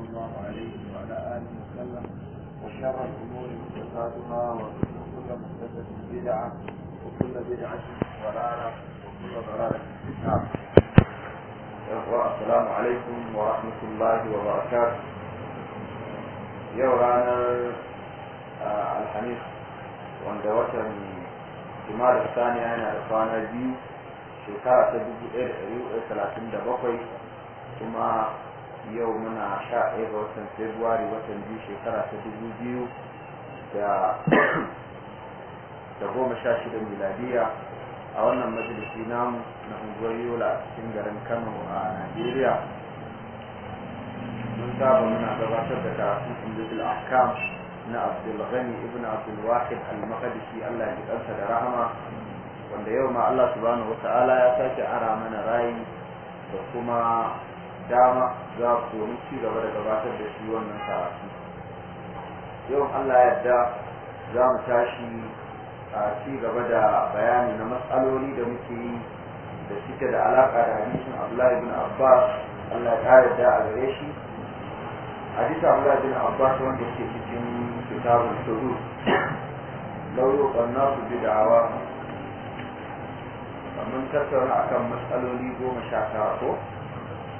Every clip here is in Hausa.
الله عليه وعلى آله وسلم وشر الأمور محدثاتها وكل محدثة بدعة وكل بدعة ضلالة وكل ضلالة في النار. السلام عليكم ورحمة الله وبركاته. يورانا الحنيف wanda watan من sani yana أنا kwana biyu shekara ta إيه ɗaya yau muna sha ɗaya ga watan februari watan biyu shekara ta dubu biyu da goma sha shida miladiya a wannan majalisi namu na unguwar yola a cikin garin kano a najeriya mun saba muna gabatar da karatun indul ahkam na abdulghani ibn abdulwahid al-maqdisi allah ya ji da rahama wanda yau ma allah subhanahu wa ta'ala ya sake ara mana rayi da kuma dama za ku komi ci gaba da gabatar da shi wannan karatu yau Allah yadda za mu tashi a ci gaba da bayani na matsaloli da muke yi da suke da alaƙa da hadisin Abdullahi bin Abbas Allah ya ƙara da a gare shi hadisin Abdullahi bin Abbas wanda ke cikin kitabun Sahih lauro ƙanna su bi da kamar mun tattauna akan matsaloli goma sha tara ko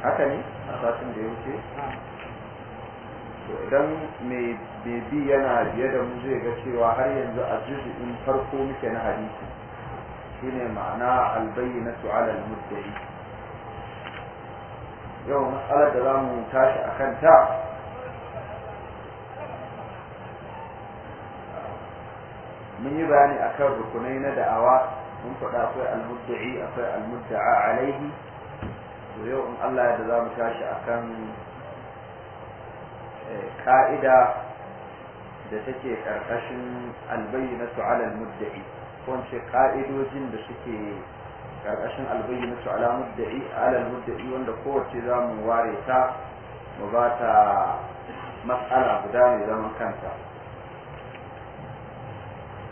haka ne a satin da ya wuce to idan mai bebi yana biye da mu zai ga cewa har yanzu a juzu'in farko muke na hadisi shine ma'ana na ala al-mudda'i yau matsalar da za mu tashi a kanta mun yi bayani akan rukunai na da'awa mun faɗa akwai al-mudda'i akwai al-mudda'a alaihi to yau in Allah ya da za mu tashi akan ka'ida eh, da take karkashin albayyinatu ala almudda'i ko ce ka'idojin da suke karkashin na ala mudda'i ala almudda'i wanda kowace za mu ware ta mu ba ta matsala guda mai zaman kanta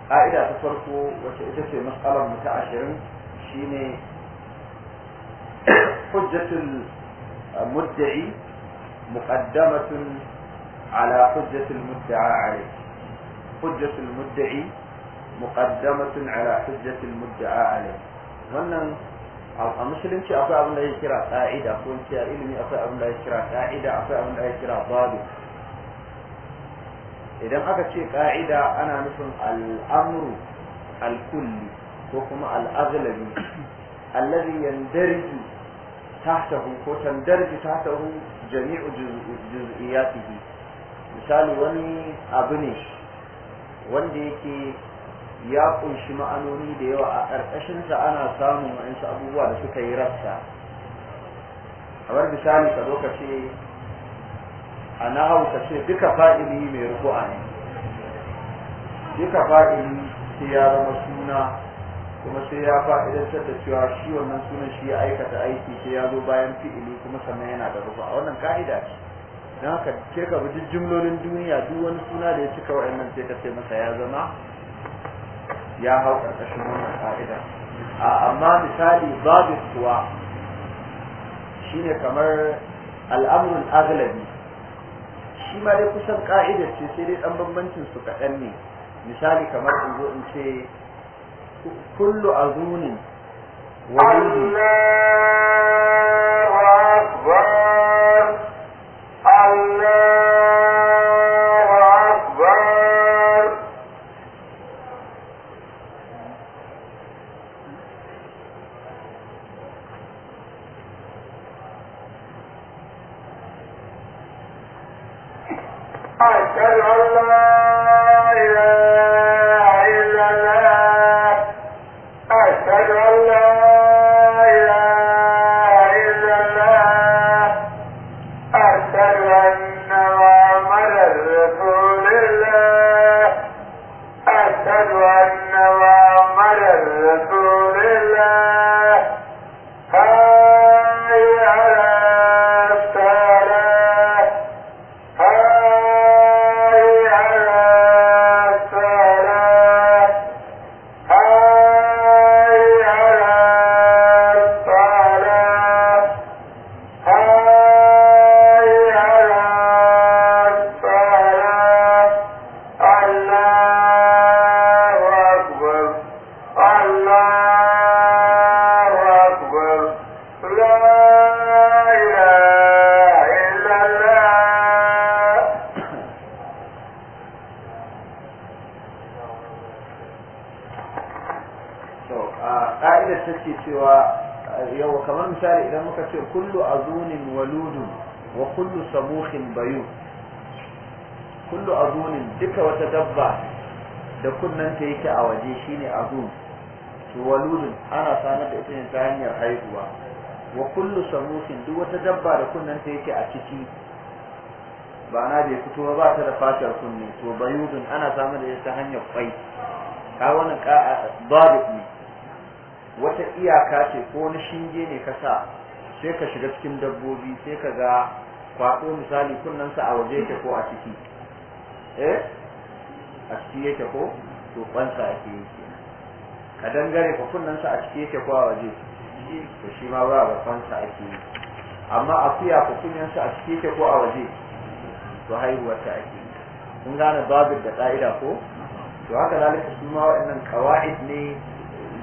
ka'ida ta farko wacce ita ce matsalar mu ta ashirin shine حجة المدعي مقدمة على حجة المدعى عليه حجة المدعي مقدمة على حجة المدعى عليه ظنا المسلم شيء أطاع من لا يشرع قاعدة أقول شيء علمي أطاع من لا يشرع قاعدة أطاع من لا يشرع ضابط إذا هذا شيء قاعدة أنا مثل الأمر الكل وكما الأغلب allazi yandarji tahtahu ko tandarji tahtahu jami'u juz'iyatihi misali wani abu ne wanda yake ya kunshi ma'anoni da yawa a ƙarƙashinsa ana samun wa'insu abubuwa da suka yi rassa kamar misali ka zo ka ce a na hausa ce duka fa'ili mai ruku'a ne duka fa'ili sai ya zama suna kuma sai ya fa'idantar da cewa shi wannan sunan shi ya aikata aiki sai ya zo bayan fi'ili kuma sannan yana da rufa wannan ka'ida ce don haka sai ka bi jumlolin duniya duk wani suna da ya cika wa'annan sai ka ce masa ya zama ya hau ƙarƙashin wannan ka'ida amma misali babu kuwa shine kamar al'amrul aglabi shi ma dai kusan ka'idar ce sai dai ɗan bambancin su kaɗan ne misali kamar in zo in ce كل أظن وليد الله أكبر الله أكبر أشهد أن yake cewa yau kamar misali idan muka ce kullu azunin waludun wa kullu samuhin bayu kullu azunin duka wata dabba da kunnan ta yake a waje shine azun to waludun ana sanar da ita ne ta hanyar haihuwa wa kullu samuhin duk wata dabba da kunnan ta yake a ciki ba na bai fito ba ta da fatar kunne to bayudun ana samu da ita hanyar kwai ka wani babu ne iyaka ce ko wani shinge ne ka sa sai ka shiga cikin dabbobi sai ka ga kwaɗo misali kunnensa a waje yake ko a ciki eh a ciki yake ko to kwansa ake yi ka dangare ka kunnensa a ciki yake ko a waje to shi ma ba ga kwansa a yi amma akuya ka kunnensa a ciki yake ko a waje to haihuwar ta ake kun gane babin da ka'ida ko to haka zalika su ma waɗannan kawa'id ne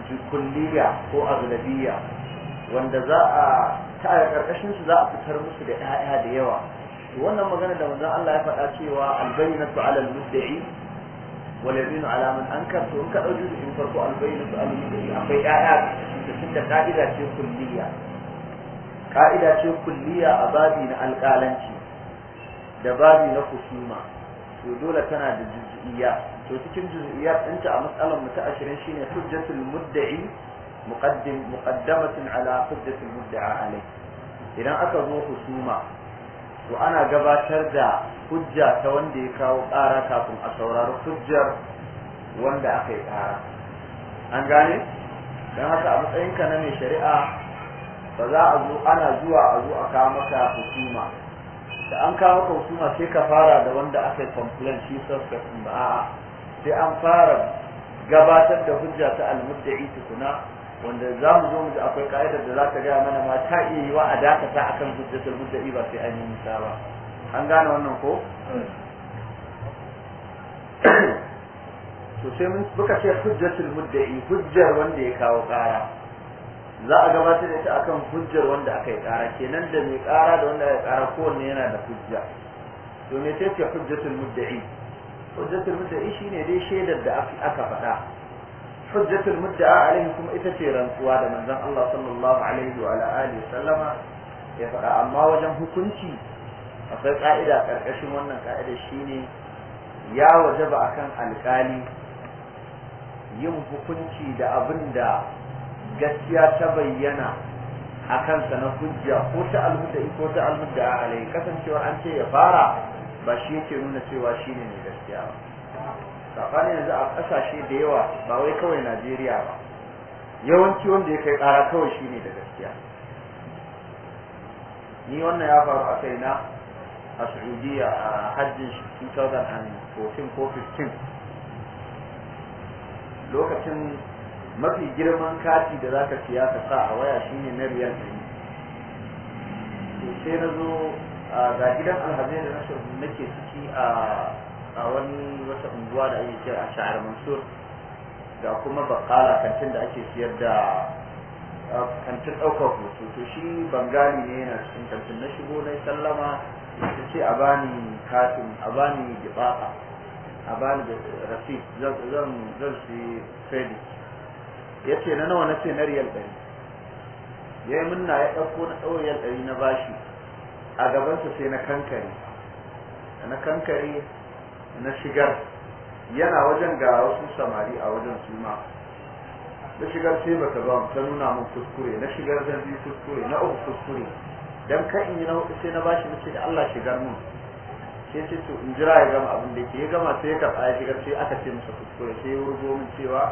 ji kulliya ko aglabiya wanda za a ta a karkashin su za a fitar musu da 'ya'ya da yawa wannan magana da manzon Allah ya faɗa cewa albayyinatu ala al-mudda'i wal yaminu ala man ankar to in ka dauki in farko albayyinatu ala al-mudda'i akwai 'ya'ya da da ka'ida ce kulliya ka'ida ce kulliya a babi na alƙalanci da babi na kusuma to dole tana da juz'iyya to cikin juz'iyat ɗinta a matsalar mu ta ashirin shine hujjatul mudda'i muqaddim muqaddamatun ala hujjatul mudda'a alai idan aka zo husuma to ana gabatar da hujja ta wanda ya kawo ƙara kafin a saurari hujjar wanda aka yi ƙara an gane don haka a matsayinka na mai shari'a ba za a zo ana zuwa a zo a kawo maka husuma da an kawo maka hukuma sai ka fara da wanda aka yi complaint shi suspect ba a'a sai an fara gabatar da hujja ta almudda'i tukuna wanda za mu zo da akwai ka'idar da za ka gaya mana ma ta iya yiwa a dakata akan hujjatar mudda'i ba sai an yi nisa ba an gane wannan ko to sai mun buka ce hujjatul mudda'i hujjar wanda ya kawo kara za a gabatar da ita akan hujjar wanda aka yi kara kenan da mai kara da wanda yi kara kowanne yana da hujja to ne sai ce hujjatar mudda'i hujjatul mudda'i shine dai shaidar da aka faɗa hujjatul mudda'a alaihi kuma ita ce rantsuwa da manzon Allah sallallahu alaihi wa alihi sallama ya faɗa amma wajen hukunci akwai ka'ida karkashin wannan ka'ida shine ya wajaba akan alƙali yin hukunci da abin da gaskiya ta bayyana a kansa na hujja ko ta almudda'i ko ta almudda'a alai kasancewar an ce ya fara ba shi yake nuna cewa shi ne mai gaskiya ba saɓani yanzu a ƙasashe da yawa ba wai kawai najeriya ba yawanci wanda ya kai ƙara kawai shi ne da gaskiya ni wannan ya faru a kai na a saudiya a hajjin 2014 ko 15 lokacin mafi girman kati da za ka siya ka sa a waya ne na riyal yi sai na zo ga gidan alhazai da nake ciki a wani wata unguwa da ake kira a shahar mansur ga kuma bakala kantin da ake siyar da kantin ɗaukar hoto to shi bangani ne yana cikin kantin na shigo na sallama ta ce a bani katin a bani gibata a bani rafi zan zan su ya ce na nawa na ce na riyal ɗari ya yi ya ɗauko na ɗauriyar ɗari na bashi a gabansa sai na kankare na kankare na shigar yana wajen ga wasu samari a wajen su ma na shigar sai baka ba ta nuna mun kuskure na shigar zan bi kuskure na uku kuskure dan kan in yi na hudu sai na bashi nace da Allah shigar mun sai ce to in jira ya gama abin da yake ya gama sai ya karba ya shigar sai aka ce masa kuskure sai ya rubo min cewa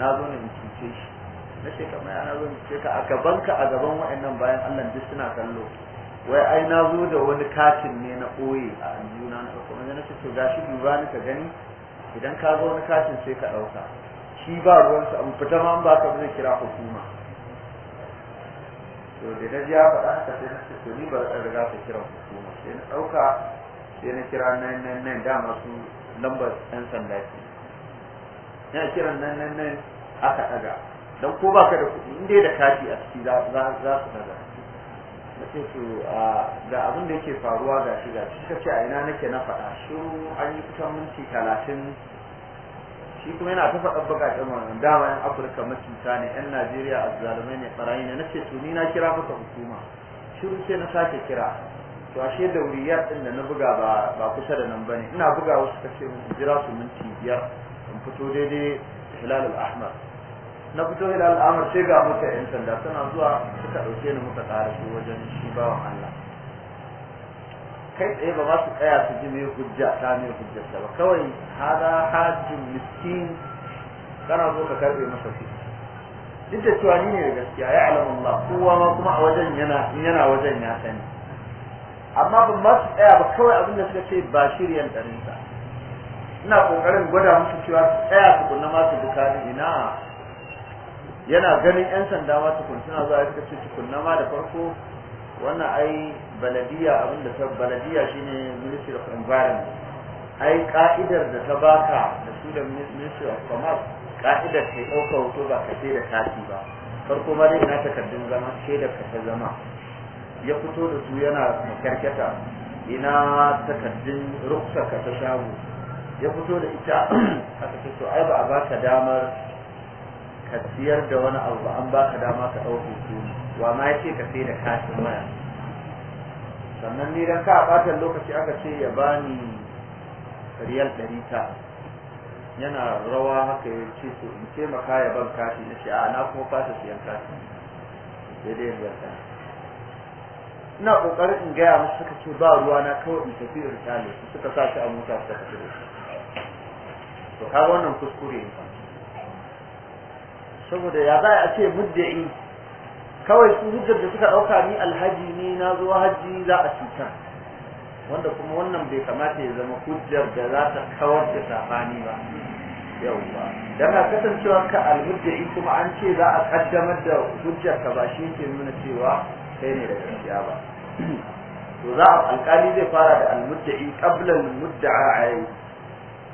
na zo ne in cuce shi na ce kamar ana zo in ce ka a gaban ka a gaban wa'annan bayan Allah duk suna kallo wai ai na zo da wani katin ne na ɓoye a aljuna na ɗauka wanda na ce to gashi duba ni ka gani idan ka ga wani katin sai ka ɗauka shi ba ruwansa an fita ma ba ka zai kira hukuma to da na ji ya faɗa haka sai na ce to ni ba zan riga ka kira hukuma sai na ɗauka sai na kira nan nan nan da masu lambar ɗan sanda ke na kiran nan nan nan aka ɗaga don ko ba ka da kuɗi in dai da kati a ciki za su ɗaga na ce to da abin da yake faruwa ga shi ga shi a ina nake na faɗa shi an yi kusan minti talatin shi kuma yana ta faɗa baƙaƙen wannan dama yan afirka macuta ne yan najeriya a zalimai ne ɓarayi ne na ce to ni na kira masa hukuma shi sai na sake kira to ashe da wuriyar ɗin da na buga ba kusa da nan bane ina buga wasu kace jira su minti biyar in fito daidai hilalul ahmad na fito ila al'amar sai ga muka yan sanda suna zuwa suka dauke ni muka tsara su wajen shi bawan Allah kai tsaye ba za su tsaya su ji mai hujja ta mai hujja ta ba kawai hada hajjin miskin kana zo ka karbe masa su duk da cewa ni ne da gaskiya ya alamu Allah kowa ma kuma a wajen yana yana wajen ya sani amma ban ma su tsaya ba kawai abin da suka ce ba shiryan ɗarinsa ina ƙoƙarin gwada musu cewa su tsaya su kunna ma su ina yana ganin yan sanda ma tukun suna zuwa suka ce tukunna ma da farko wannan ai baladiya abin da ta baladiya shine ministry of environment ai ka'idar da ta baka da su da ministry of commerce ka'idar yi ɗauka hoto ba ka sai da kati ba farko ma dai ina takardun zama ke da ka ta zama ya fito da su yana makarkata ina takardun ruksa ka ta shago ya fito da ita aka ce to ai ba a baka damar ka siyar da wani abu an baka dama ka ɗauke su wa ma yace ka sai da kashin waya sannan ni dan ka a ɓatan lokaci aka ce ya bani riyal ɗari ta yana rawa haka ya ce to in taimaka ya ban kashi na ce a na kuma fasa siyan kashi sai dai ya ta ina kokarin in gaya musu suka ce ba ruwa na kawai in tafi in tale suka sa shi a mota suka tafi to ka wannan kuskure ne saboda ya za a ce muddi'i kawai su hujjar da suka ɗauka ni alhaji ne na zo hajji za a cuta wanda kuma wannan bai kamata ya zama hujjar da za ta kawar da saɓani ba yauwa dan a kasancewa ka almuddi'i kuma an ce za a kaddamar da hujjar ka ba shi yake nuna cewa kai ne da gaskiya ba to za a alƙali zai fara da almudda'i a almudda'a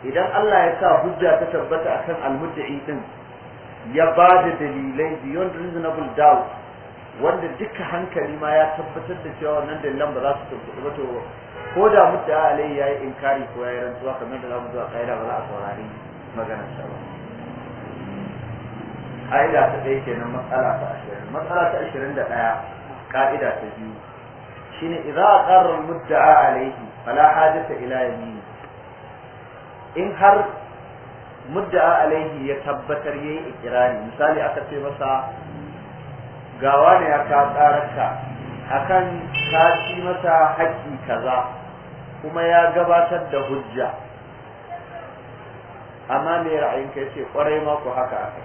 idan Allah ya sa hujja ta tabbata akan almuddi'i din ya ba da dalilai beyond reasonable doubt wanda duka hankali ma ya tabbatar da cewa wannan dalilan ba za su tabbata ba to ko da mutta alai ya yi inkari ko ya yi rantsuwa kamar da za mu zuwa kaida ba za a saurari maganar sa ba kaida ta ɗaya kenan matsala ta ashirin matsala ta ashirin da ɗaya ƙa'ida ta biyu shine idza aqarra al-mudda'a alayhi fala hajata ila yamini in har mudda alaihi ya tabbatar yayi ikirari misali aka ce masa gawa ne ya ka tsararka akan ka ci masa haƙƙi kaza kuma ya gabatar da hujja amma me ra'ayinka yace kwarai ma ku haka aka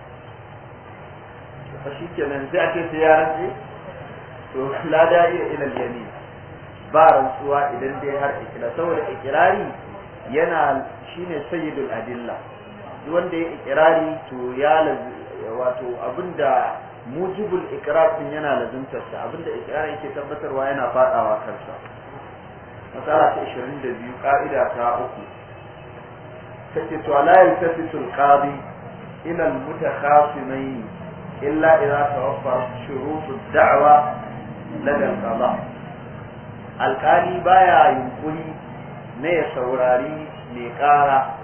shi kenan sai a ce sai ya to la da'iya ila al-yamin ba rantsuwa idan dai har ikila saboda ikirari yana shine sayyidul adilla duk wanda ya ikirari to ya wato abinda mujibul ikrar din yana lazimtar sa abinda ikirari yake tabbatarwa yana fadawa kansa masala ta 22 ka'ida ta uku take to la yaltafitu al-qadi ila al-mutakhasimain illa idza tawaffa shurutu ad-da'wa lada al-qada baya yunkuri ne ya saurari mai kara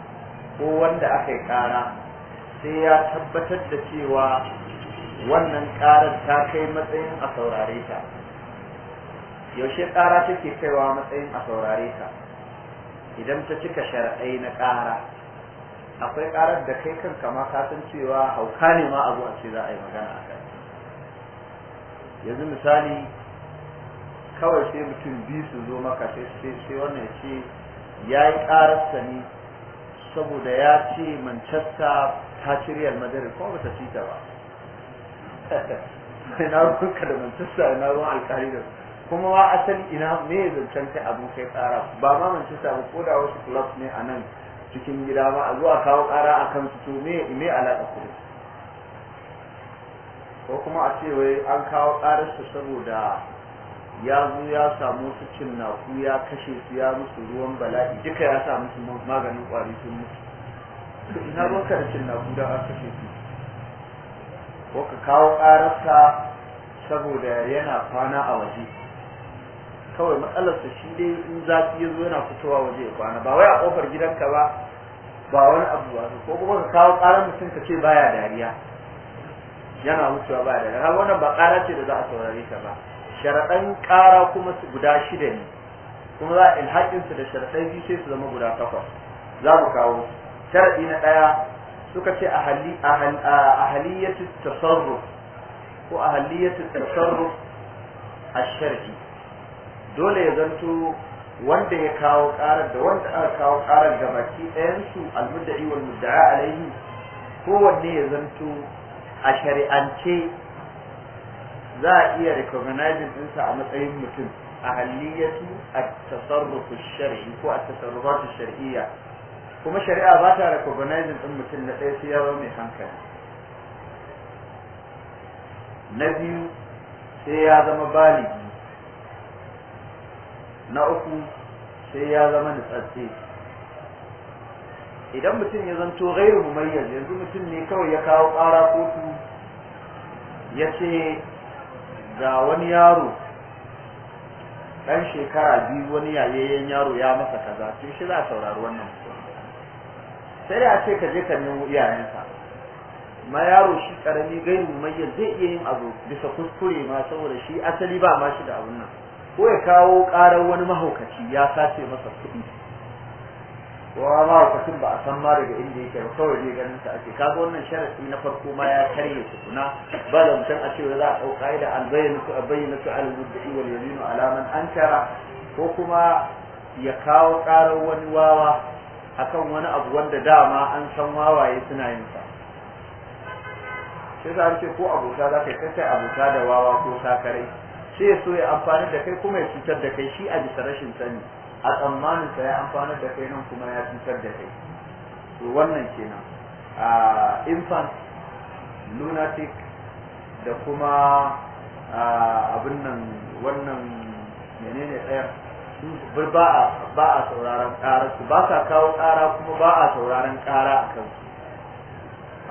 ko wanda aka yi ƙara sai ya tabbatar da cewa wannan ƙarar ta kai matsayin a saurare ta yaushe ƙara take kaiwa matsayin a saurare ta idan ta cika sharaɗai na ƙara akwai ƙarar da kai kan ma ka cewa hauka ne ma abu a ce za a yi magana a kan yanzu misali kawai sai mutum biyu su zo maka sai wannan ya ce ya yi ƙararsa ne saboda ya ce manchester ta ci real kuma ba ta ci ta ba ina ruwanka da manchester ina ruwan alkali da kuma ma asali ina me zancen kai abin kai kara ba ma manchester ba ko da wasu clubs ne a nan cikin gida ba a zuwa kawo kara a kan su me me alaƙa ku ko kuma a ce wai an kawo karar su saboda ya zo ya samu su cinnaku ya kashe su ya musu ruwan bala'i duka ya sa musu maganin kwari sun mutu su ina ka da cinnaku don a kashe su ko ka kawo ƙararsa saboda yana kwana a waje kawai matsalarsa shi dai in zafi ya zo yana fitowa waje ya kwana ba wai a ƙofar gidanka ba ba wani abu ba ko kuma ka kawo karar mutum ka ce baya dariya yana wucewa baya dariya wannan ba ƙara ce da za a saurare ka ba sharaɗan ƙara kuma su guda shida ne kuma za a ilhaƙinsu da sharaɗan biyu sai su zama guda takwas za mu kawo sharaɗi na ɗaya suka ce a haliyyatu tasarruf ko a haliyyatu tasarruf a sharhi dole ya zanto wanda ya kawo ƙarar da wanda aka kawo ƙarar gabaki baki ɗayansu almudda'i wal mudda'a alaihi kowanne ya zanto a shari'ance za a iya recognizing ɗinsa a matsayin mutum a halliyatu a tasarrufu shari'i ko a tasarrufatu shari'iyya kuma shari'a ba ta recognizing ɗin mutum na ɗaya sai yawa mai hankali na biyu sai ya zama baligi na uku sai ya zama nutsatse idan mutum ya zanto gairu mumayyar yanzu mutum ne kawai ya kawo ƙara kotu ya ce ga wani yaro dan shekara biyu wani yayayyen yaro ya masa kaza to shi za a saurari wannan sai da a ce ka je ka nemo iyayensa ma yaro shi karami gai mumayyar zai iya yin abu bisa kuskure ma saboda shi asali ba ma shi da abun nan ko ya kawo ƙarar wani mahaukaci ya sace masa kuɗi kowa ma tun ba a san ma daga inda yake ba kawai zai ganin sa ake kaga wannan sharadi na farko ma ya karye tukuna ba da mutum a cewa za a ɗau a bayyana su albayyana su al-mudda'i wal yaminu alaman an tara ko kuma ya kawo karar wani wawa akan wani abu wanda dama an san wawaye suna yin sa sai za a ce ko abota za ka yi kai abota da wawa ko sakarai sai ya so ya amfani da kai kuma ya cutar da kai shi a bisa rashin sani a tsammanin sa ya amfanar da kai nan kuma ya cutar da kai to wannan kenan a infant lunatic da kuma abin nan wannan menene ɗaya ba a sauraron ƙara su ba sa kawo ƙara kuma ba a sauraron ƙara a kansu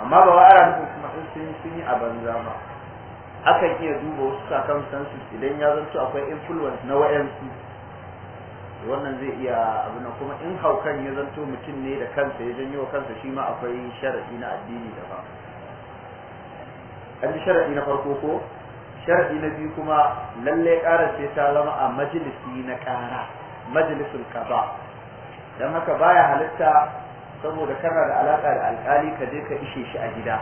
amma ba wa'ara nufin kuma in sun yi a banza ba akan iya duba wasu sakamstansu idan ya zanto akwai influence na wayansu wannan zai iya abu nan kuma in haukan ya zanto mutum ne da kansa ya janyo kansa shi ma akwai sharaɗi na addini da an ji sharadi na farko ko sharaɗi na biyu kuma lalle ƙara sai ta zama a majalisi na kara majalisul kaza don haka baya halitta saboda kana da alaka da alkali ka je ka ishe shi a gida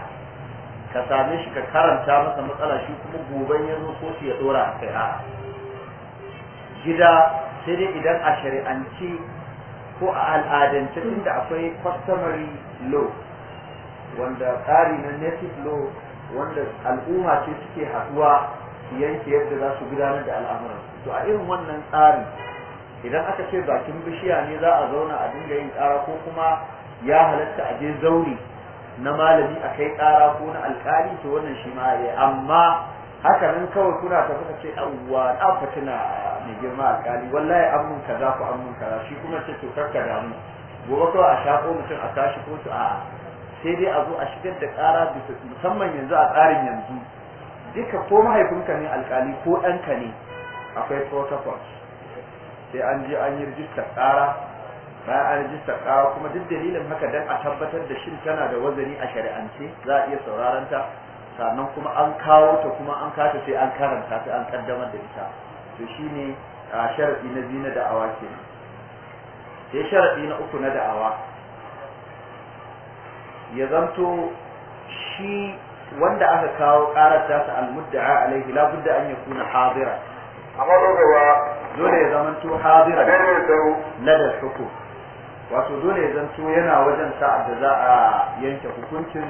ka same shi ka karanta masa matsala shi kuma goben ya zo ko ya dora a kai a gida sai dai idan a shari'anci ko a al'adance inda akwai customary law wanda tsari na native law wanda al'umma ce suke haɗuwa su yanke yadda za su gudanar da al'amuran to a irin wannan tsari idan aka ce bakin bishiya ne za a zauna a dinga yin tsara ko kuma ya halatta a je zauri na malami a kai tsara ko na alkali to wannan shi ma ya amma haka nan kawai kuna ta kuka ce yawwa na fatina mai girma alkali wallahi abun kaza ku abun kaza shi kuma ce to karka damu gobe kawai a shako mutum a tashi kotu a sai dai a zo a shigar da ƙara bisa musamman yanzu a tsarin yanzu duka ko mahaifinka ne alkali ko ɗanka ne akwai protocol sai an je an yi rijistar ƙara bayan an rijistar ƙara kuma duk dalilin haka dan a tabbatar da shin tana da wazani a shari'ance za a iya sauraron ta sannan kuma an kawo ta kuma an kata sai an karanta ta an kaddamar da ita to shi shine sharaɗi na biyu na da'awa ke. sai sharaɗi na uku na da'awa ya zanto shi wanda aka kawo karar tasa almudda'a alaihi la budda an yakuna hadira amma gaba dole ya zamanto hadira na da hukum wato dole ya zanto yana wajen sa'ad da za a yanke hukuncin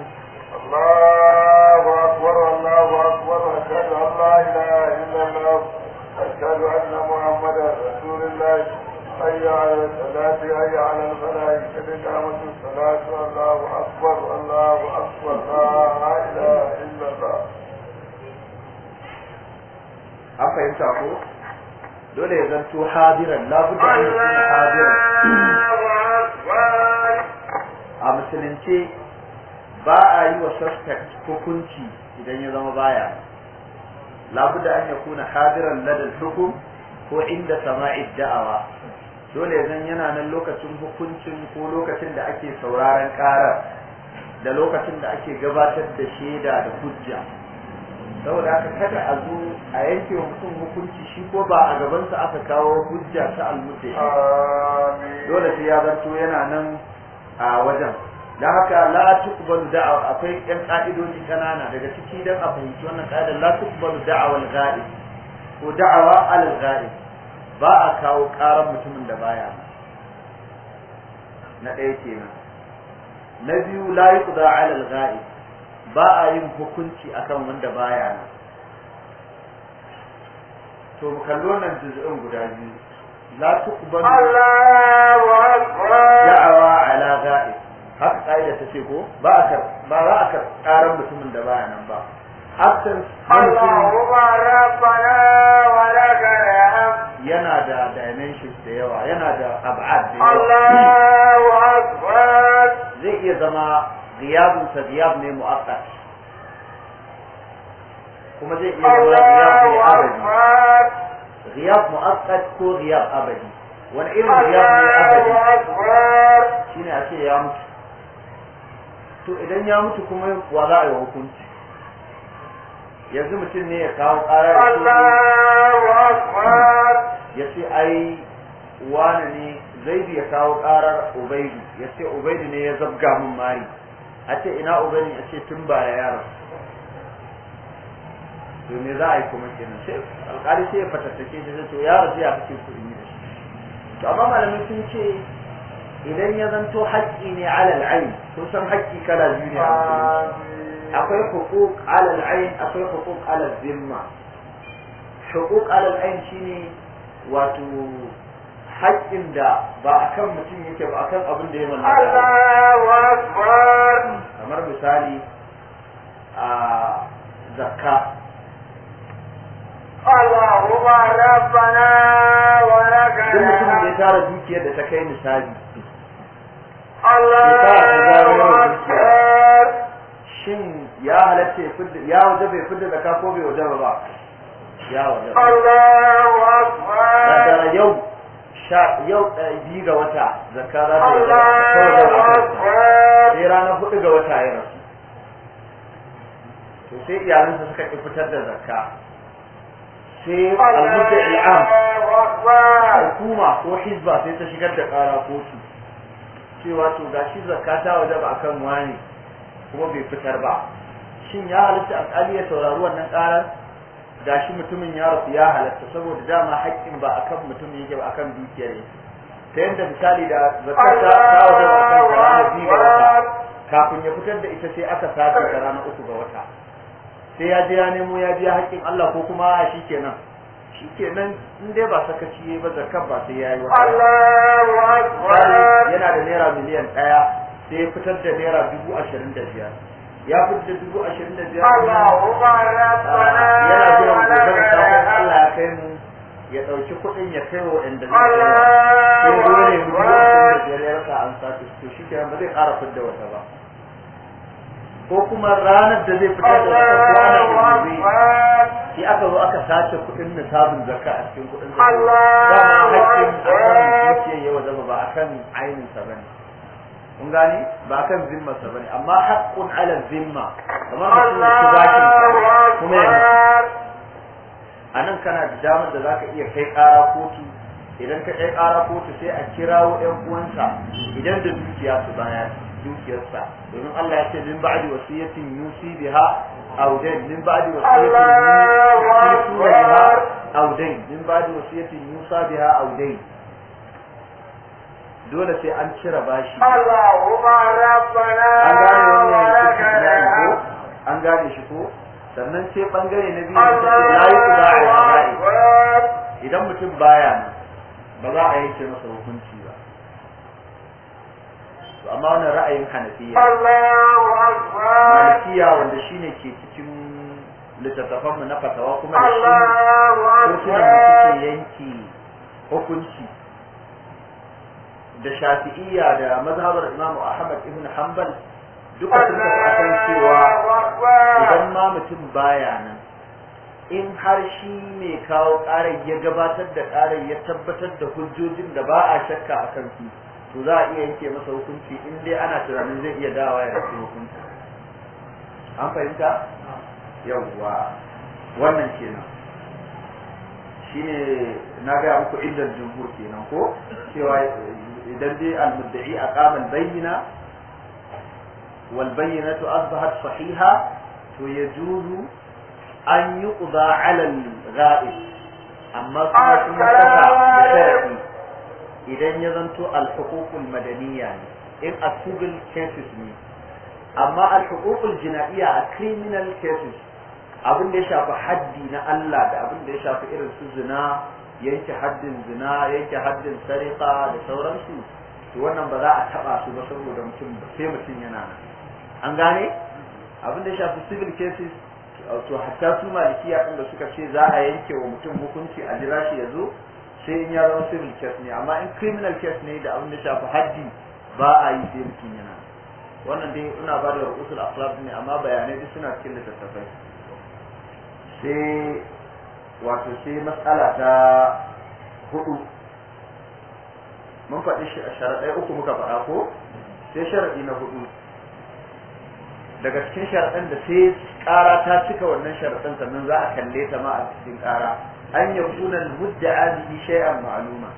الله أكبر الله أكبر أشهد أن لا إله إلا الله أشهد أن محمدا رسول الله حي على الصلاة حي على الملائكة قامت الصلاة الله أكبر الله أكبر لا إله إلا الله an fahimta ko dole ya zanto hadiran labuda an yi hadiran a musulunci ba a yi wa suspect hukunci idan ya zama baya labuda an ya kuna hadiran ladar hukum ko inda sama'id da'awa dole zan yana nan lokacin hukuncin ko lokacin da ake sauraron kara da lokacin da ake gabatar da shaida da hujja saboda haka kada a zo a yanke wa mutum hukunci shi ko ba a gabansa aka kawo hujja ta almutai dole sai ya zanto yana nan a wajen da haka la tuqbalu da'a akwai yan ka'idoji kanana daga ciki dan a fahimci wannan ka'idar la tuqbalu da'awa wal ghaib ko da'awa al-ghaib ba a kawo karan mutumin da baya na ɗaya kenan na biyu la yuqda 'ala al-ghaib ba a yin hukunci akan wanda baya na to mu kallo nan juz'in guda biyu la tuqbalu da'awa ala ghaib haka kaida ta ce ko ba a ba za a kar mutumin da baya nan ba absence yana da dimensions da yawa yana da ab'ad da yawa zai iya zama riyabun ta riyab ne mu'aqqat kuma zai iya zama riyab ne abadi riyab mu'aqqat ko riyab abadi wani irin riyab ne abadi shine ake ce to idan ya mutu kuma wa za a yi hukunci yanzu mutum ne ya kawo ƙara ya ce ai wani ne zaidu ya kawo ƙarar ubaidu ya ce ubaidu ne ya zabga min mari a ce ina ubaidu ya ce tun ba ya yaro to me za a yi kuma kenan sai alƙali sai ya fatattake shi zai to yaro sai ya fi kuɗin yi da shi to amma malamai sun ce idan ya zanto haƙƙi ne alal aini kun san haƙƙi kala biyu ne akwai huquq alal ain akwai huquq alal zimma huquq alal ain shine wato haƙƙin da ba a kan mutum yake ba a kan abin da ya mallaka kamar misali a zakka Allahumma rabbana wa lakal hamd. Duk mutum da ya tara dukiyar da ta kai misali shin ya halatta ya waje bai fidda zaka ko bai waje ba ya waje ba da yau sha yau eh, biyu ga wata zaka za ta yi waje sai ranar hudu ga wata ya rasu to sai iyalinsa suka ki fitar da zaka. sai al-mutta'am hukuma ko hizba sai ta shigar da kara kotu cewa to gashi zakka ta waje ba akan wani kuma bai fitar ba shin ya halitta alƙali ya saurari wannan ƙarar shi mutumin ya rasu ya halitta, saboda dama haƙƙin ba akan mutumin yake ba akan dukiyar yake ta yadda misali da zakka ta waje ba akan ranar biyu ga wata kafin ya fitar da ita sai aka sace ta ranar uku ga wata sai ya je ya nemo ya biya haƙƙin Allah ko kuma shi kenan shi kenan in dai ba sakaci yi ba zakar ba sai yayi wata Allahu akbar yana da naira miliyan ɗaya sai ya fitar da naira dubu ashirin da biyar ya fitar da dubu ashirin da biyar Allahu akbar yana jiran gobe sabon Allah ya kai mu ya ɗauki kuɗin ya kai wa inda zai kai ya ne mu biyu ashirin da biyar ya rasa an sake to shi kenan ba zai ƙara fitar wata ba ko kuma ranar da zai fitar da wata ko ana sai aka zo aka sace kuɗin nisabin zakka a cikin kuɗin zakka dama haƙƙin akan dukiyar zama ba akan ainin sa bane kun gani ba akan zimma sa bane amma haqqun ala zimma kamar kuma ya kana da damar da zaka iya kai ƙara kotu idan ka kai ƙara kotu sai a kirawo ɗan uwansa idan da dukiya su baya dukiyarsa domin Allah ya ce min ba'di wasiyatin yusi biha أو دين من بعد وصية بها أو دين من dole sai an cire bashi Allahumma an gane shi ko sannan sai bangare na biyu la yuqda idan mutum baya ba za a yanke masa hukunci ba. to amma wannan ra'ayin hanafiya hanafiya wanda shine ke cikin littattafan mu na fatawa kuma da shi ne yanki hukunci da shafi'iyya da mazhabar imam ahmad ibn hanbal duka sun ta akan cewa idan ma mutum baya nan in har shi mai kawo ƙarar ya gabatar da ƙarar ya tabbatar da hujjojin da ba a shakka a kan su to za a iya yanke masa hukunci in dai ana tunanin zai iya dawa ya rasa hukunci an fahimta yawwa wannan kenan shine na ga muku inda jumhur kenan ko cewa idan dai al-mudda'i aqama al-bayyina wal bayyinatu asbahat sahiha to yajuzu an yuqda 'ala al-ghaib amma kuma sun saka da idan ya zanto al madaniya ne in a civil cases ne amma al-huququl jinaiya a criminal cases abin da ya shafi haddi na Allah da abin da ya shafi irin su zina yanke haddin zina yanke haddin sarika da sauransu to wannan ba za a taba su ba saboda mutum sai mutum yana nan. an gane abin da ya shafi civil cases to hatta su malikiya din da suka ce za a yanke wa mutum hukunci a jira shi ya zo sai in ya zama civil case ne amma in criminal kes ne da abin da shafi haddi ba a yi sai mutum yana wannan dai ina ba da rukusul akhlaq ne amma bayanai duk suna cikin littattafai sai wato sai matsala ta hudu mun faɗi sharaɗai uku muka faɗa ko sai sharaɗi na hudu daga cikin sharaɗan da sai ƙara ta cika wannan sharaɗan sannan za a kalle ta ma a cikin ƙara an yakuna mudda muddaa bihi shay'an ma'luma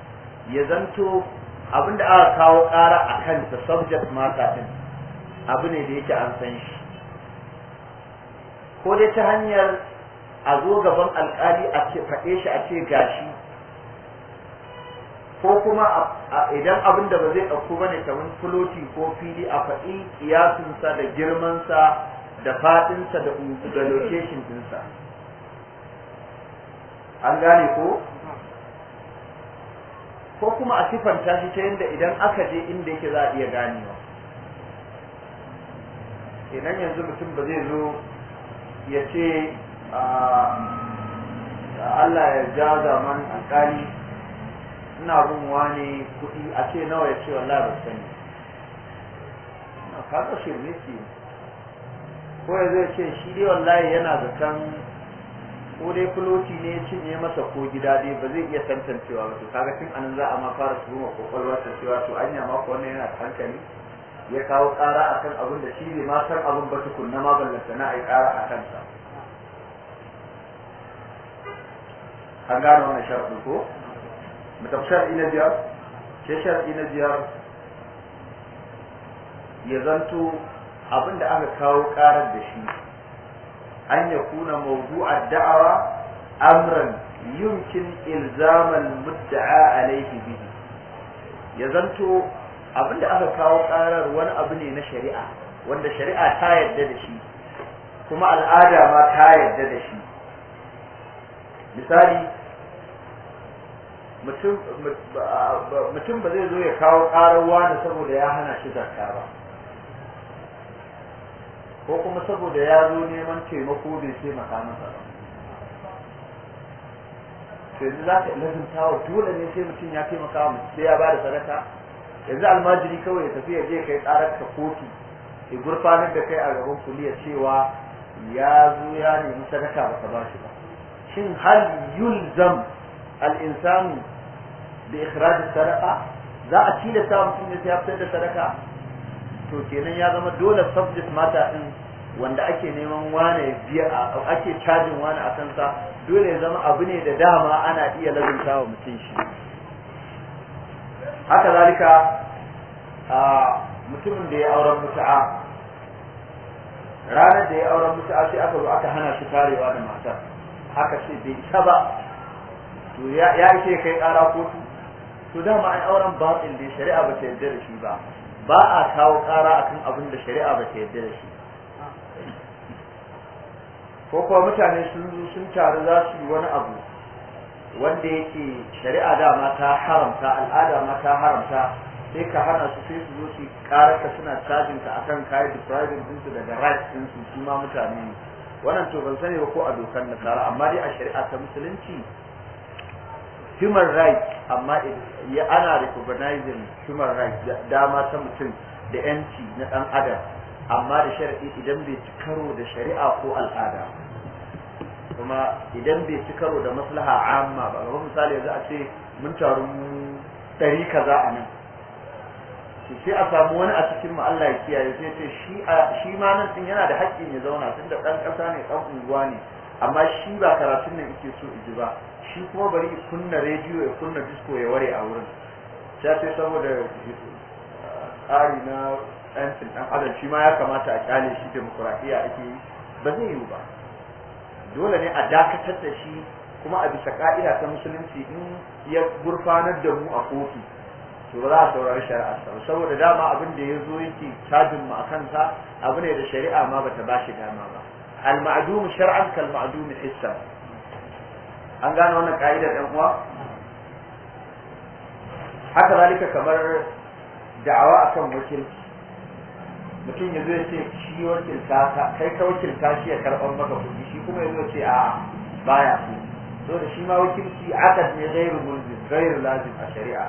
ya zanto abinda aka kawo ƙara a the subject matter din abu ne da yake an san shi ko dai ta hanyar a zo gaban alƙali a ce faɗe shi a ce gashi ko kuma idan abin da ba zai ɗauko ba ne kamar floti ko fili a faɗi kiyasinsa da girmansa da faɗinsa da location ɗinsa. an gane ko ko kuma a sifanta shi ta yadda idan aka je inda yake za a iya ganewa idan yanzu mutum ba zai zo ya ce ah, Allah ya ja zaman alkali ina bin ne kuɗi a ce nawa ya ce wallahi ba sani na kaga shirme ko ya zai ce shi dai wallahi yana zaton ko dai kuloti ne ya ne masa ko gida dai ba zai iya tantancewa ba to kaga tun anan za a ma fara su goma kokolwar ta cewa to anya ma ko wannan yana hankali ya kawo ƙara akan abin da shi ne ma san abin ba tukun ma maballanta na ai ƙara a kansa an gane wannan sharɗin ko mutabshar ina biyar ke sharɗi na biyar ya zanto abin da aka kawo ƙarar da shi أن يكون موضوع الدعوة أمرا يمكن إلزام المدعى عليه به يزنت abin da aka kawo karar wani abu ne na shari'a wanda shari'a ta yarda da shi kuma al'ada ma ta yarda da shi misali mutum ba zai zo ya kawo karar da saboda ya hana shi zakka ba ko kuma saboda ya zo neman taimako bai taimaka masa ba to yanzu za ka lazumta wa dole ne sai mutum ya taimaka wa mutum sai ya ba da sadaka yanzu almajiri kawai ya tafi ya je kai tsarar ka kotu ya gurfanar da kai a gaban kuliya cewa ya zo ya nemi sadaka ba ka ba shi ba shin hal yulzam al-insanu bi ikhraj sadaqa za a tilasta mutum ya fitar da sadaka to kenan ya zama dole subject matter din wanda ake neman wane biya ake cajin wane a kansa dole ya zama abu ne da dama ana iya lazunta wa mutum shi haka zalika a mutumin da ya auren mutu'a ranar da ya auren mutu'a sai aka zo aka hana shi tarewa da matar haka sai bai isa ba to ya ce kai kara kotu to dama an auren batsil da shari'a ba ta yarda da shi ba ba a kawo ƙara akan abin da shari'a ba ta yarda da shi ko kuma mutane sun zo sun taru za su yi wani abu wanda yake shari'a dama ta haramta al'ada ma ta haramta sai ka hana su sai su zo su ka suna cajin ka akan kayan din su daga rights ɗinsu su ma mutane ne wannan to ban sani ba ko a dokar nasara amma dai a shari'a ta musulunci human rights amma ya ana recognizing human rights dama ta mutum da yanci na dan adam amma da sharadi idan bai ci karo da shari'a ko al'ada kuma idan bai ci karo da maslaha amma ba kamar misali yanzu a ce mun taru ɗari kaza a nan sai a samu wani a cikin mu Allah ya kiyaye sai ce shi ma nan din yana da haƙƙin ya zauna tunda dan ƙasa ne dan unguwa ne amma shi ba karatun nan yake so iji ba shi kuma bari kunna rediyo ya kunna disco ya ware a wurin ta sai saboda eh, tsari na ɗansin ɗan adam shi ma ya kamata a kyale shi demokuraɗiyya ake yi ba zai yi ba dole ne a dakatar da shi kuma a bisa ka'ida ta musulunci in ya gurfanar da mu a kofi to ba za a saurari shari'ar sa saboda dama abin da ya zo yake cajin mu a kansa abu ne da shari'a ma bata ba shi dama ba al-ma'dum shar'an kal an gane wannan ka'idar ɗan uwa haka zalika kamar da'awa akan wakilci mutum ya zo ya ce shi wakilta ka kai ka wakilta shi ya karɓar maka kuɗi shi kuma ya zo ce a baya so da shi ma wakilci akad ne gairu mulzim gairu lazim a shari'a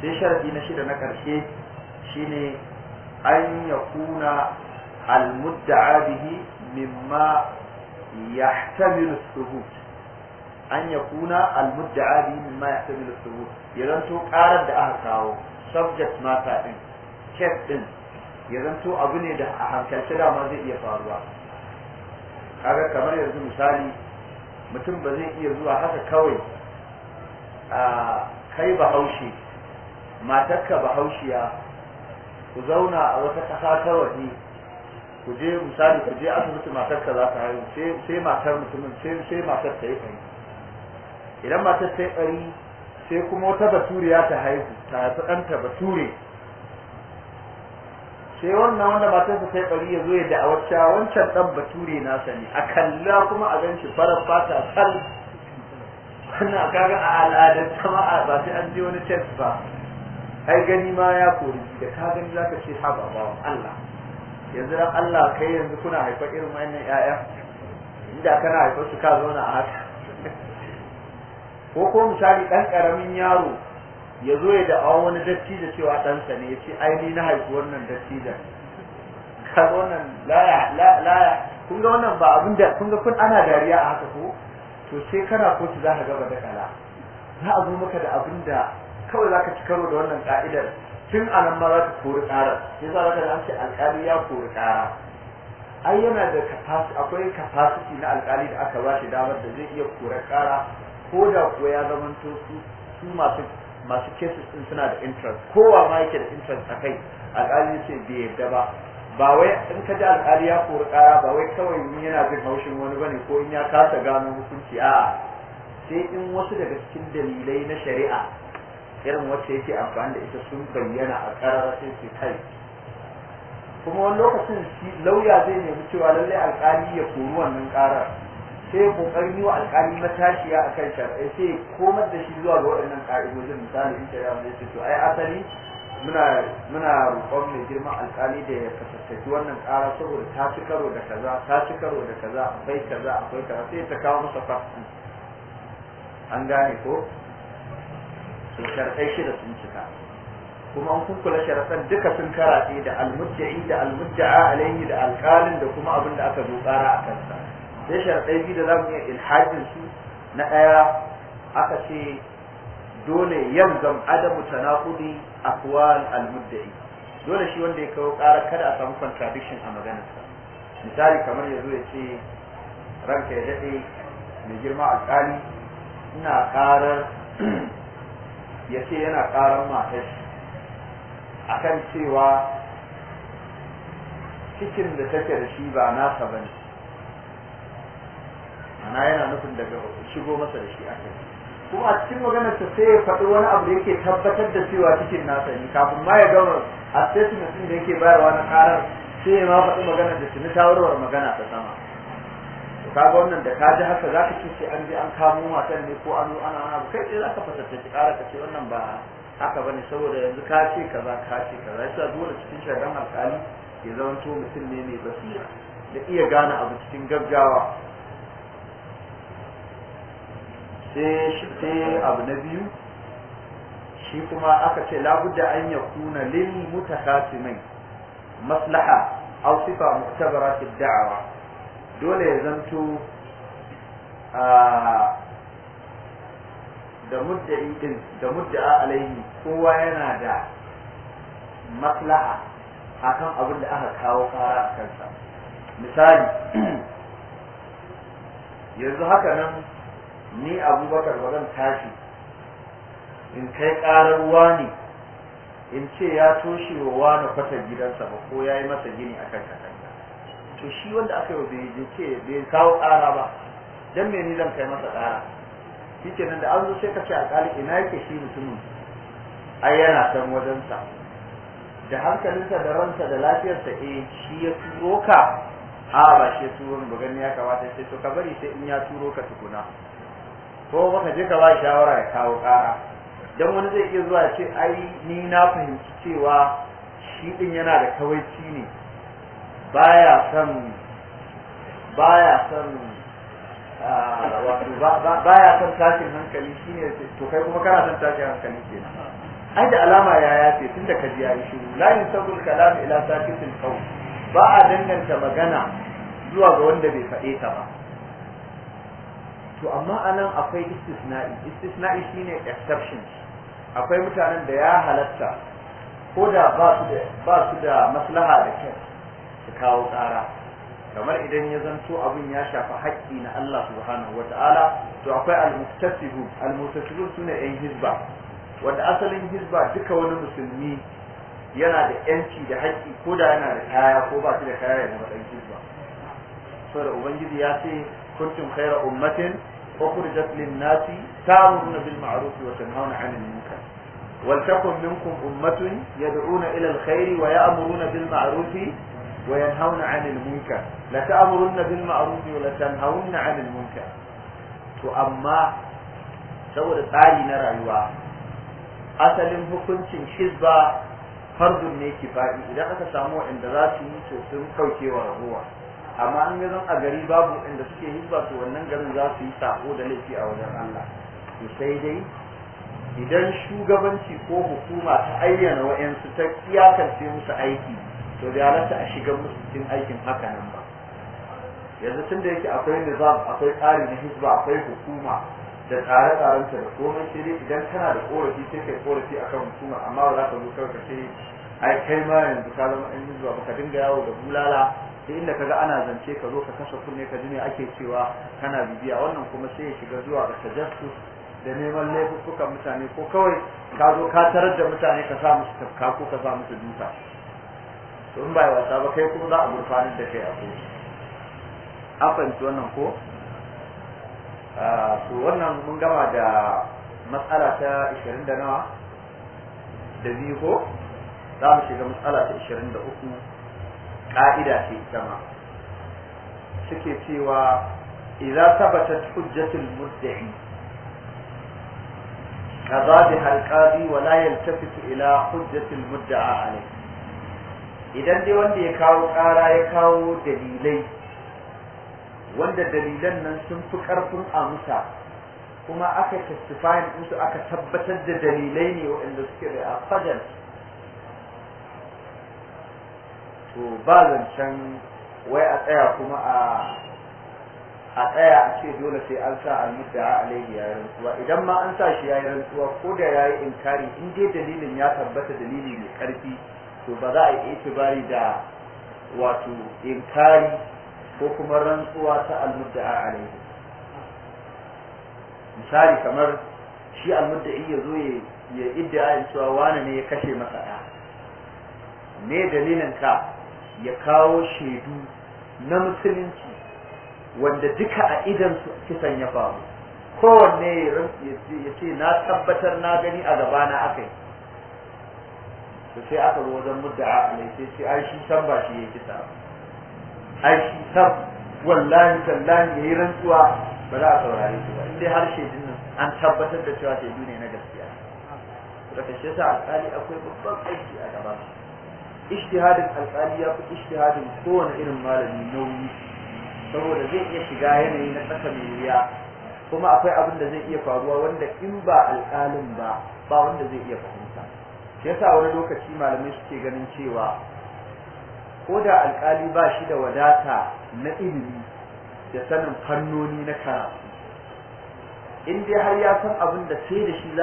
sai sharadi na shida na ƙarshe shine an kuna al-mudda'a bihi مما يحتمل الثبوت أن يكون المدعى به مما يحتمل الثبوت يلنتو قارد أهكاو subject matter ɗin case ɗin ya zanto abu ne da a hankalce dama zai iya faruwa kaga kamar yanzu misali mutum ba zai iya zuwa haka kawai a kai bahaushe matarka bahaushiya ku zauna a wata ƙasa ta waje ku je misali ku je asibiti matar ka za ta haihu sai matar mutumin sai matar ta yi ɓari idan matar ta yi ɓari sai kuma wata baturiya ta haihu ta haifi ɗanta bature sai wannan wanda matar ta yi ɓari ya zo ya a wacce wancan ɗan bature na sani, a kalla kuma a ganci farar fata sal wannan kaga a al'adar jama'a ba sai an je wani test ba ai gani ma ya kori da ka gani zaka ce haba ba Allah yanzu dan Allah kai yanzu kuna haifar irin wannan ƴaƴa inda kana haifar su ka zauna a haka ko ko misali dan karamin yaro ya zo ya da'awa wani da cewa ɗansa ne ya ce ai ni na haifi wannan da ka zo wannan laya laya kun ga wannan ba abin da kun ga kun ana dariya a haka ko to sai kana kotu za ka gaba da kala za a zo maka da abin da kawai za ka ci karo da wannan ka'idar tun a nan ma za ta kori ƙara, ya za ka an ce alƙali ya kori ƙara ai yana da akwai capacity na alƙali da aka ba shi damar da zai iya kori ƙara ko da kuwa ya to su su masu masu cases din suna da interest kowa ma yake da interest a kai alƙali ce bai yadda ba ba wai in ka ji alƙali ya kori ƙara ba wai kawai in yana bin haushin wani bane ko in ya kasa gano hukunci a'a sai in wasu daga cikin dalilai na shari'a irin wacce yake amfani da ita sun bayyana a ƙarar sai su kai kuma wani lokacin lauya zai nemi cewa lallai alƙali ya kori wannan ƙarar sai ya yiwa yi wa alƙali matashiya a kan shari'a sai ya komar da shi zuwa ga waɗannan ƙa'idojin misali in shari'a zai ce to ai asali muna muna roƙon mai girma alƙali da ya kasattaci wannan ƙara saboda ta ci karo da kaza ta ci karo da kaza akwai kaza akwai kaza sai ta kawo masa fasfi an gane ko to sharɗai shida sun cika kuma an kukkula sharaɗan duka sun karaɗe da almujja'i da almujja'a alayhi da alƙalin da kuma abin da aka zo ƙara a kansa sai sharaɗai biyu da za mu iya ilhajin su na ɗaya aka ce dole yalzam adamu a aqwal almudda'i dole shi wanda ya kawo ƙara kada a samu contradiction a maganarsa misali kamar yazo ya ce ranka ya daɗe mai girma alƙali ina ƙarar ya ce yana ƙaran matar a akan cewa cikin da take da shi ba nasa bane ana yana nufin daga shigo masa da shi aka kuma a cikin maganar ta sai ya faɗi wani abu da yake tabbatar da cewa cikin nasa ne kafin ma ya gama assessment din da yake bayarwa na karar sai ya ma faɗi maganar da tuni tawarwar magana ta sama kaga wannan da ka ji haka zaka ce sai an bi an kamo matan ne ko an ana ana kai sai zaka fasarta ki kara ka ce wannan ba haka bane saboda yanzu ka ce kaza ka ce kaza yasa dole cikin shaidan alƙali ya zanto mutum ne mai basira da iya gane abu cikin gaggawa sai abu na biyu shi kuma aka ce labudda an ya kuna lil mutakasimai maslaha aw sifa muktabara fi da'wa dole ya zanto da muddai din da mudda'a alaihi kowa yana da maslaha akan abin da aka kawo fara a kansa misali yanzu haka nan ni abubakar ba zan tashi in kai karar ne. in ce ya toshe wa wani kwatar gidansa ba ko ya yi masa gini akan katanga to shi wanda aka yi bai ce bai kawo ƙara ba dan me ni zan kai masa ƙara nan da an zo sai ka ce alƙali ina yake shi mutumin ai yana san wajensa da hankalinsa da ransa da lafiyarsa eh shi ya turo ka a ba shi ya turo ni ba gani ya kamata sai to ka bari sai in ya turo ka tukuna ko baka je ka ba shawara ya kawo ƙara dan wani zai iya zuwa ce ai ni na fahimci cewa shi din yana da kawaici ne baya son baya son ah, wato baya son tashin hankali shine to kai kuma kana son tashin hankali kenan ai da alama ya yace da kaji yayi shiru la sabul kalam ila sakitil qawl ba a danganta magana zuwa ga wanda bai faɗe ta ba to amma anan akwai istisna'i istisna'i shine exception akwai mutanen da ya halatta ko da ba su da ba su da maslaha da kyau su kawo tsara kamar idan ya zanto abin ya shafi haƙƙi na Allah subhanahu wata'ala to akwai al-muktasibun al-muktasibun sune ɗan hizba wanda asalin hizba duka wani musulmi yana da yanci da haƙƙi ko da yana da kaya ko ba shi da kaya yana matsayin hizba saboda ubangiji ya ce kuntum khaira ummatin ukhrijat lin-nasi ta'muruna bil ma'ruf wa tanhauna 'anil munkar ولتكن منكم أمة يدعون إلى الخير ويأمرون بالمعروف وينهون عن المنكر لتأمرن بالمعروف ولتنهون عن المنكر to amma saboda tsari na rayuwa asalin hukuncin hizba fardun ne ke kifa'i idan aka samu waɗanda za su yi to sun kauce ragowa amma an ga a gari babu waɗanda suke hizba to wannan garin za su yi sako da laifi a wajen Allah to sai dai idan shugabanci ko hukuma ta ayyana wa'yansu, ta iyakance musu aiki to da halatta a shiga musu cikin aikin haka nan ba yanzu tun da yake akwai nizam akwai tsari na hizba akwai hukuma da tsare-tsaren da komai sai idan kana da korafi sai kai korafi akan hukuma amma ba za ka zo kawai ka ce ai kai ma yanzu ka zama ɗan hizba ba ka dinga yawo da bulala duk inda ka ga ana zance ka zo ka kashe kunne ka ji ne ake cewa kana bibiya wannan kuma sai ya shiga zuwa ga tajassus da neman laifukan mutane ko kawai ka zo ka tarar da mutane ka sa musu tafka ko ka sa musu duka to in ba wasa ba kai kuma za a gurfanar da kai a kotu an fahimci wannan ko ah, to wannan mun gama da matsala ta 20 da nawa da biyu ko za mu shiga matsala ta 23 ka'ida ce ita ma suke cewa idza thabatat hujjatul mudda'i ka zaɓi halqabi wa la yaltafitu ila hujjatil mudda'a alayhi idan dai wanda ya kawo ƙara ya kawo dalilai wanda dalilan nan sun fi karfin amsa kuma aka testifying musu aka tabbatar da dalilai ne waɗanda suke da fajar to ba zancen wai a tsaya kuma a a tsaya a ce dole sai an sa almudda alaihi ya rantsuwa idan ma an sa shi ya yi rantsuwa ko da ya yi inkari in dai dalilin ya tabbata dalili mai karfi to ba za a yi itibari da wato inkari ko kuma rantsuwa ta almudda'a alaihi misali kamar shi almudda'i ya zo ya iddia cewa wane ne ya kashe masa ɗa ne dalilin ka ya kawo shaidu na musulunci wanda duka a idansu kisan ya faru kowanne ya ce na tabbatar na gani a gabana akai da sai aka zo wajen mudda'a a sai ce ai shi san ba shi ya kisa ai shi san wallahi tallahi yayi rantsuwa ba za a saurare shi ba indai har shaidun nan an tabbatar da cewa shaidu ne na gaskiya daga shi yasa alƙali akwai babban aiki a gaba ishtihadin alƙali ya fi ishtihadin kowane irin malami nauyi saboda zai iya shiga yanayi na ƙasa mai wuya kuma akwai abin da zai iya faruwa wanda in ba alƙalin ba ba wanda zai iya faruwa yasa wani lokaci malamai suke ganin cewa ko da alƙali ba shi da wadata na ilimi da sanin fannoni na karatu in dai har ya san abin da sai da shi za